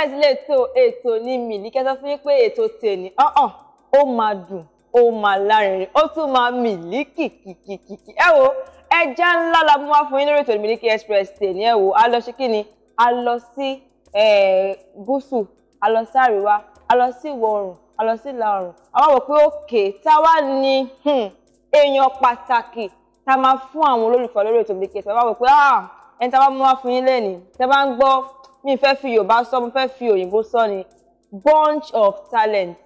báyìí sílẹ̀ tó ètò ní Miliki sọ fún yín pé ètò tèmi ọ̀hún ó máa dùn ó máa lárinrin ó tún máa Miliki kìkìkìkì ẹ wo ẹja ńlá la mú wá fún yín lórí ètò Miliki Express tèmi ẹ wo a lọ sí kíni a lọ sí gúúsù a lọ sí àríwá a lọ sí ìwọ̀ a lọ sí ìlà àwọn wò pé òkè táwa ni hmm, èèyàn pàtàkì tá a máa fún àwọn olólùfẹ́ lórí ètò Miliki Express àwọn wò pé ah, ẹni tá mú wá fún yín lẹ́nìí tẹ́ bá ń gbọ́ mi fẹ́ fi yorùbá sọ mo fẹ́ fi òyìnbó sọ ni bunch of talent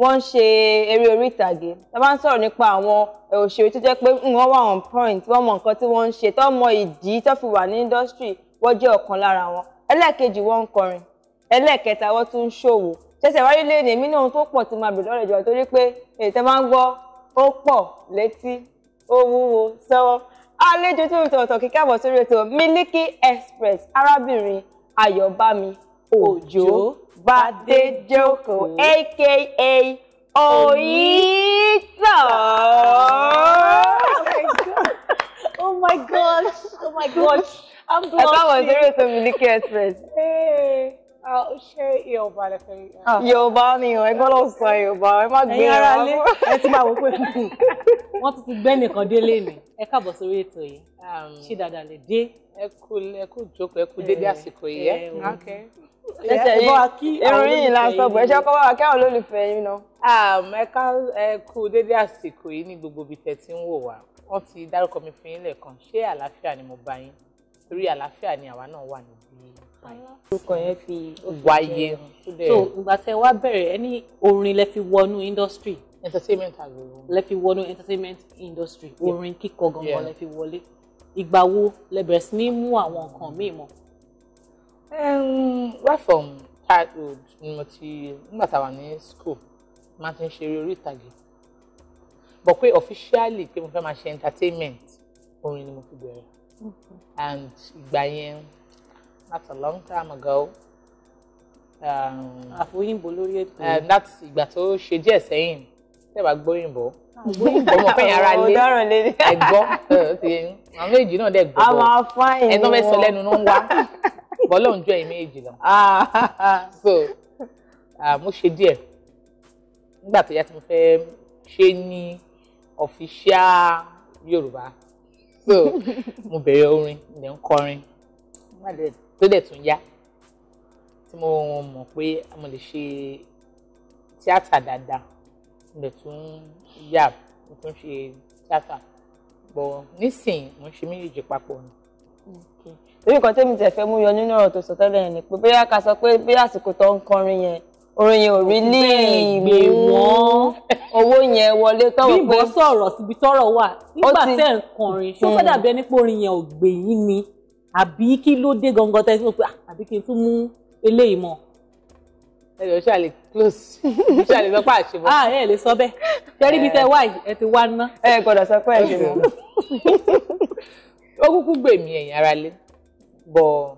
wọ́n ń ṣe eré orí ìtàgé tá a bá ń sọ̀rọ̀ nípa àwọn òṣèré tó jẹ́ pé hmm, wọ́n wà on point wọ́n mọ nǹkan tí wọ́n ń ṣe tó mọ ìdí tó fi wà ní industry wọ́n jẹ́ ọ̀kan lára wọn ẹlẹ́ẹ̀kejì wọ́n ń kọrin ẹlẹ́ẹ̀kẹta wọ́n tún ń ṣòwò ṣẹ̀ṣẹ̀ wáyé lé ní èmi náà tó pọ̀ tí màá bèrè lọ́rọ̀ ìjọba torí pé èyí tẹ́ máa ń gbọ́ ó pọ̀ létí ó wúwo sọ́wọ́ àlejò tó ń tọ̀tọ̀ kíkà bọ̀ sórí ètò Miliki Express arábìnrin Ayobami Ojo bàdéjòkò aka oyítọ̀. oh my gosh oh my gosh i'm blushing. ẹ bá wọn sórí ètò Miliki Express. Hey ṣé Yorùbá lè fẹ́ Yorùbá ni ọ ẹgbọ́n lọ sọ Yorùbá ẹ má gbé ara lé ẹ ti máa wò pé wọ́n tún ti gbẹ́ nìkan délé mi ẹ káàbọ̀ sórí ètò yìí um, ṣé dáadáa lè dé. ẹ kú ẹ kú jókòó ẹ kú dédé eh, àsìkò yìí eh, ẹ ẹsẹ̀ yìí ìròyìn yìí la sọ bọ̀ ẹ ṣe ọkọ bá wa kí àwọn olólùfẹ́ yín ná. ẹ̀ka um, ẹ̀kú dédé àsìkò yìí ní gbogbo ibi tẹ̀ tí ń wò wá wọ́n ti dárúkọ mi fún yín lẹ́ẹ̀kan ṣé àlàáfíà ni mo bá yín torí àlàáfíà ni àwa náà wà níbí orúkọ yẹn fi wáyé so ìgbà tẹ wá bẹ̀rẹ̀ ẹni orin lẹ fi wọnú industry entertainment lẹ fi wọnú entertainment industry orin kíkọ gangan lẹ fi wọlé ìgbà wo lẹ bẹ̀rẹ̀ sí ní mú àwọn nǹkan míì mọ́. right from childhood ni mo ti nígbà tá a wà ní school máa ti ń ṣeré orí ìtàgé but pé officially pé mo fẹ́ máa ṣe entertainment orin ni mo fi bẹ̀rẹ̀ and ìgbà yẹn that's a long time ago. Um, àfòyìnbó lórí ètò. Eh, that's ìgbà tó ṣe díẹ̀ sẹ́yìn tẹ́wàá gbóyìnbó ah, gbóyìnbó mọ̀ fẹ́yìn ara lé ẹ̀gbọ́ àwọn méjì náà dẹ̀ gbogbo ẹ̀ tó fẹ́ sọ lẹ́nu ló ń wá bọ́lọ̀ ń jọ ẹ̀yìn méjì lọ. Ah. so mo ṣe díẹ̀ nígbà tó yá tí mo fẹ́ ṣe ní official Yorùbá so mo bẹ̀rẹ̀ orin mo dẹ̀ ń kọrin tó dẹ̀ tún yá tí mo mọ̀ pé mo lè ṣe tíátà dáadáa mo dẹ̀ tún yá mo tún ṣe tíátà bọ̀ nísìnyí mo ń ṣe méjèèjì papọ̀ ni torí kan tẹ́mi tẹ̀ fẹ́ mú yọ nínú ọ̀rọ̀ tó sọ tẹ́lẹ̀ yẹn ni pé bóyá ká sọ pé bí àsìkò tó ń kọrin yẹn orin yẹn ò rí lè gbé wọn owó yẹn wọlé tọwọ pé. bíbọ sọ̀rọ̀ síbi tọ́rọ̀ wà nígbà tẹ́ ń kọrin ṣó hmm. fẹ́ dàbí ẹni pé orin yẹn ò gbè yín ni àbí kí ló dé gangan tẹ́sí pé ah, àbí kí n tún mú eléyìí mọ́. ẹ jọ ṣáà lè close ṣáà lè sọ pé àṣebọ. ah ẹ lè sọ bẹ́ẹ̀ ṣẹrí ibi tẹ wá yìí ẹ ti wá ná. ẹ gbọ́dọ̀ sọ pé ẹ ṣe mọ. ó kúkú gbèmí ẹ̀yin ara lé bọ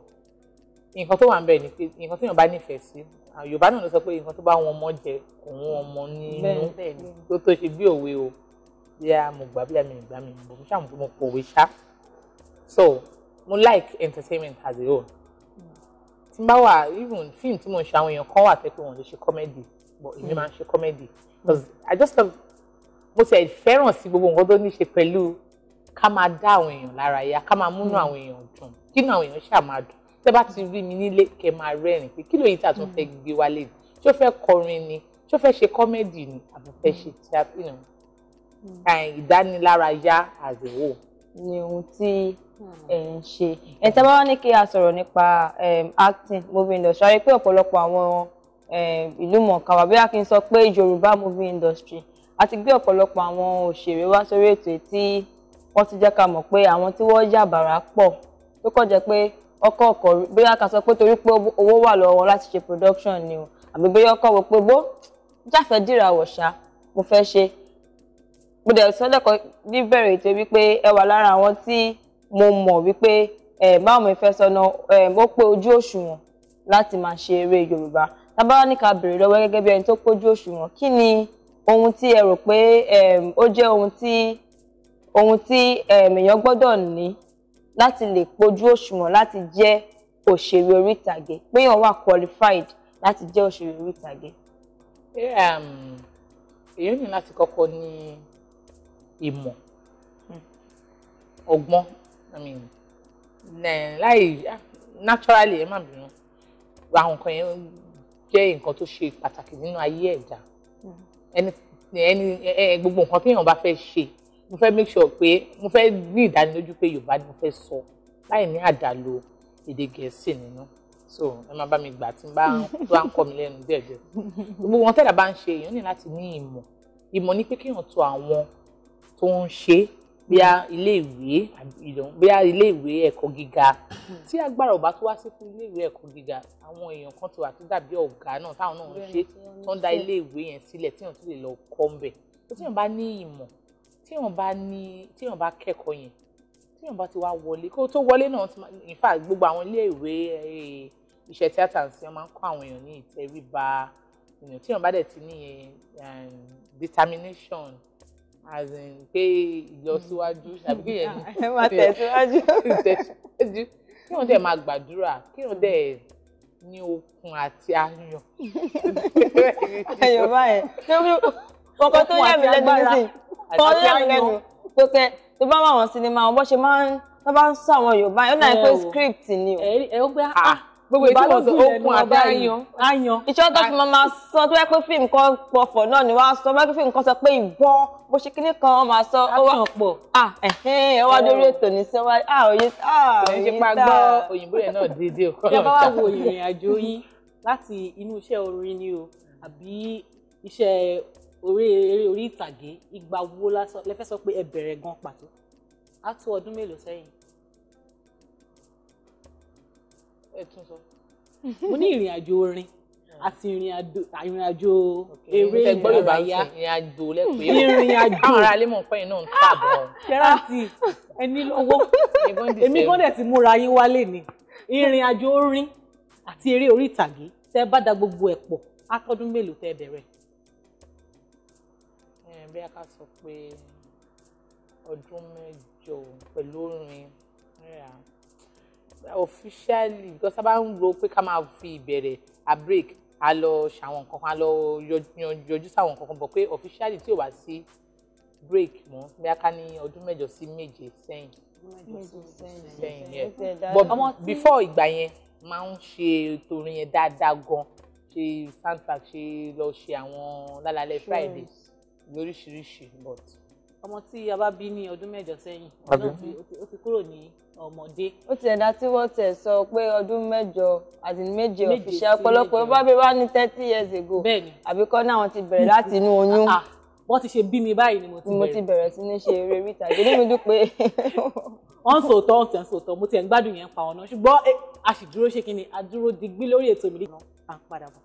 nǹkan tó wà ń bẹ ni pé nǹkan tó yàn bá nífẹ̀ẹ́ sí yorùbá náà ló sọ pé nǹkan tó bá wọn ọmọ jẹ òun ọmọ nínú tó tó ṣe bí òwe o bí a mọ̀ gbà bí a mi gbà mi mọ̀ ṣáà mo kọ̀wé ṣá so mo like entertainment as a whole tí n bá wà even film tí mo ń ṣe àwọn èèyàn kan wà pé wọn ṣe comedy but èmi mm. máa ń ṣe comedy because i just love mo ti ẹ̀ fẹ́ràn sí gbogbo nǹkan tó ní ṣe pẹ̀lú ká máa dá àwọn èèyàn lára yá ká máa múnú mm. àwọn èèyàn dùn kínú àwọn èèyàn ṣáà máa dùn tẹ́ bá ti rí mi nílé kẹ́ máa rẹ́rìn pé kí ló yìí tí a tún mm. fẹ́ gbé wálé ni ṣó fẹ́ kọrin ni ṣó fẹ́ ṣe comedy ni àbí fẹ́ ṣe ìdánilárayá as ni ohun tí ẹ̀ ń ṣe ẹ̀ tí a bá wá ní kí a sọ̀rọ̀ nípa acting movie industry a rí pé ọ̀pọ̀lọpọ̀ àwọn ìlú mọ̀ọ́ká wà bí a kì í sọ pé Yorùbá movie industry a ti gbé ọ̀pọ̀lọpọ̀ àwọn òṣèré wá sórí ètò tí wọ́n ti jẹ́ ká mọ̀ pé àwọn tí wọ́n yàbàrá pọ̀ tó kọ̀ jẹ́ pé ọkọ̀ ọkọ̀ bóyá ká sọ pé torí pé owó wà lọ́wọ́ wọn láti ṣe production ni o àbí bóyá ọkọ̀ wò pé bó jáfẹ́ dìrà wọ̀ṣà mo fẹ́ ṣe mo dẹ̀ sọ lẹ́kọ̀ọ́ níbẹ̀rẹ̀ ètò wípé ẹ wà lára àwọn tí mo mọ̀ wípé báwo mo fẹ́ sọ náà ó pé ojú òṣùwọ̀n láti máa ṣe eré Yorùbá tábàrà ní ká béèrè lọ́wọ́ gẹ́gẹ́ bí ẹni tó pójú òṣùwọ̀n kí ni ohun tí ẹ rò pé ó jẹ́ ohun tí ohun tí èèyàn gbọ́dọ̀ ní láti lè pójú òṣùwọ̀n láti jẹ́ òṣèré orí ìtàgé péyàn wà qualified láti jẹ́ òṣèré orí ìtàgé. Um, èèyàn ní láti kọ́kọ́ ní ìmọ̀ hmm. ọgbọ́n i mean láì naturally ẹ má bínú àwọn nǹkan yẹn jẹ́ nǹkan tó ṣe pàtàkì nínú ayé ẹ̀dá mm-hmm. ẹni ẹni gbogbo nǹkan téèyàn bá fẹ́ ṣe mo fẹ́ make sure pé mo fẹ́ ní ìdánilójú pé yorùbá ni mo fẹ́ sọ láì ní àdàlù èdè gẹ̀ẹ́sì nínú so ẹ máa bá mi gbà tí n bá tó à ń kọ́ mi lẹ́nu díẹ̀ díẹ̀ gbogbo wọn tẹ́lẹ̀ bá ń ṣe èèyàn ní láti ní ìmọ̀ ìmọ̀ ni pé kéèyàn tó àwọn tó ń ṣe bóyá ilé ìwé bóyá ilé ìwé ẹ̀kọ́ gíga tí agbára ò bá tó wá sí fún ilé ìwé ẹ̀kọ́ gíga àwọn èèyàn kan ti wà tó dàbí ọ̀gá náà táwọn náà ń ṣe tó ń da ilé ìwé yẹn sílẹ̀ tí èèyàn ti lè lọ kọ́ ń bẹ̀ tí èèyàn bá ní ìmọ̀ tí èèyàn bá ní tí èèyàn bá kẹ́kọ̀ọ́ yẹn tí èèyàn bá ti wá wọlé kó tó wọlé náà in fact gbogbo àwọn ilé ìwé eh, iṣẹ́ tíátà ń sìn máa ń kọ́ àwọn èèyàn ní ìtẹríba tí èèyàn bá dẹ̀ ti ní eh, determination as in pé ìlọsíwájú mm. tàbí kí yẹn ah, ẹ máa tẹ̀síwájú tẹ̀síwájú kí wọ́n dẹ̀ máa gbàdúrà kí wọ́n dẹ̀ ní okun àti ayọ̀. ayọ̀ báyẹn ọkọ tó yà mí lẹ́nu nísìnyí kọ́ yà mí tó kẹ́ tó bá wà wọ́n sinimá wọn bó ṣe máa ń bá ń sọ àwọn Yorùbá yóò náà pé script ni o. ẹ ó gbé ah, ah gbogbo ètò ìwòsàn okun àti ayan. ìṣòro tó fi máa sọ tó yẹ pé fíìmù kan pọ̀fọ̀ náà ni wọ́n á sọ wọ́n pé fíìmù kan sọ pé ìwọ bó ṣe kíní kan wọ́n máa sọ ọwọ́ àpò ọwọ́ lórí ètò ní sọ wá òye tá òye tá. ṣe pa gbọ́ òyìnbó yẹn náà déédéé kọ́ lọ́ta. ṣé bá wà wo ìrìn àjò yín láti inú iṣẹ́ orin ni o àbí iṣẹ́ orí eré orí ìtàgé ìgbà wo lẹ fẹ́ sọ pé ẹ bẹ̀rẹ̀ gan pàtó á tó ọdún mélòó sẹ́yìn? ẹ tún sọ. mo ní ìrìn àjò orin àti ìrìn àjò ìrìn àjò eré ìdárayá ìrìn àjò lẹ́pẹ́ ìrìn àjò àwọn ará ilé mọ̀ pé iná ń tàbọ̀. kẹ́rántì ẹni lówó èmi gan dẹ̀ ti múra yín wálé ni ìrìn àjò orin àti eré orí ìtàgé tẹ́ bá da gbogbo ẹ̀ pọ̀ akọ́dún mélòó tẹ́ bẹ̀rẹ̀. bí a ká sọ pé ọdún mẹ́jọ pẹ̀lú orin rẹ̀ à officially because sábà ń ro pé ká máa fi ìbẹ̀rẹ̀ a break a lọ ṣàwọn nǹkan kan a lọ yọjú sáwọn nǹkan kan bọ̀ pé officially tí ò bá sí break mọ́ bí a ká ní ọdún mẹ́jọ sí méje sẹ́yìn sẹ́yìn yẹn but before ìgbà yẹn máa ń ṣe ètò orin yẹn dáadáa gan ṣe soundtrack ṣe lọ ṣe àwọn lálálẹ́ friday lóríṣiríṣi but ọmọ tí a bá bí ní ọdún mẹ́jọ sẹ́yìn náà ó ti kúrò ní ọmọdé. ó ti ẹ̀dá tí wọ́n tẹ̀ sọ pé ọdún mẹ́jọ àti méje ọ̀fìṣẹ́ ọ̀pọ̀lọpọ̀ bá bí wá ní thirty years ago àbíkọ́ náà wọ́n ti bẹ̀rẹ̀ láti inú oyún ah, ah, ah. wọ́n ti ṣe bí mi báyìí ni mo ti bẹ̀rẹ̀. mo ti bẹ̀rẹ̀ sí ní ṣe eré ríta ìdílé mi dúpẹ́. wọ́n ń sòótọ́ wọ́n ti ń sòótọ́ mo ti ẹ̀ ń gbádùn yẹn pa ọ̀nà ṣùgbọ́n eh, a sì dúró ṣe kí ni a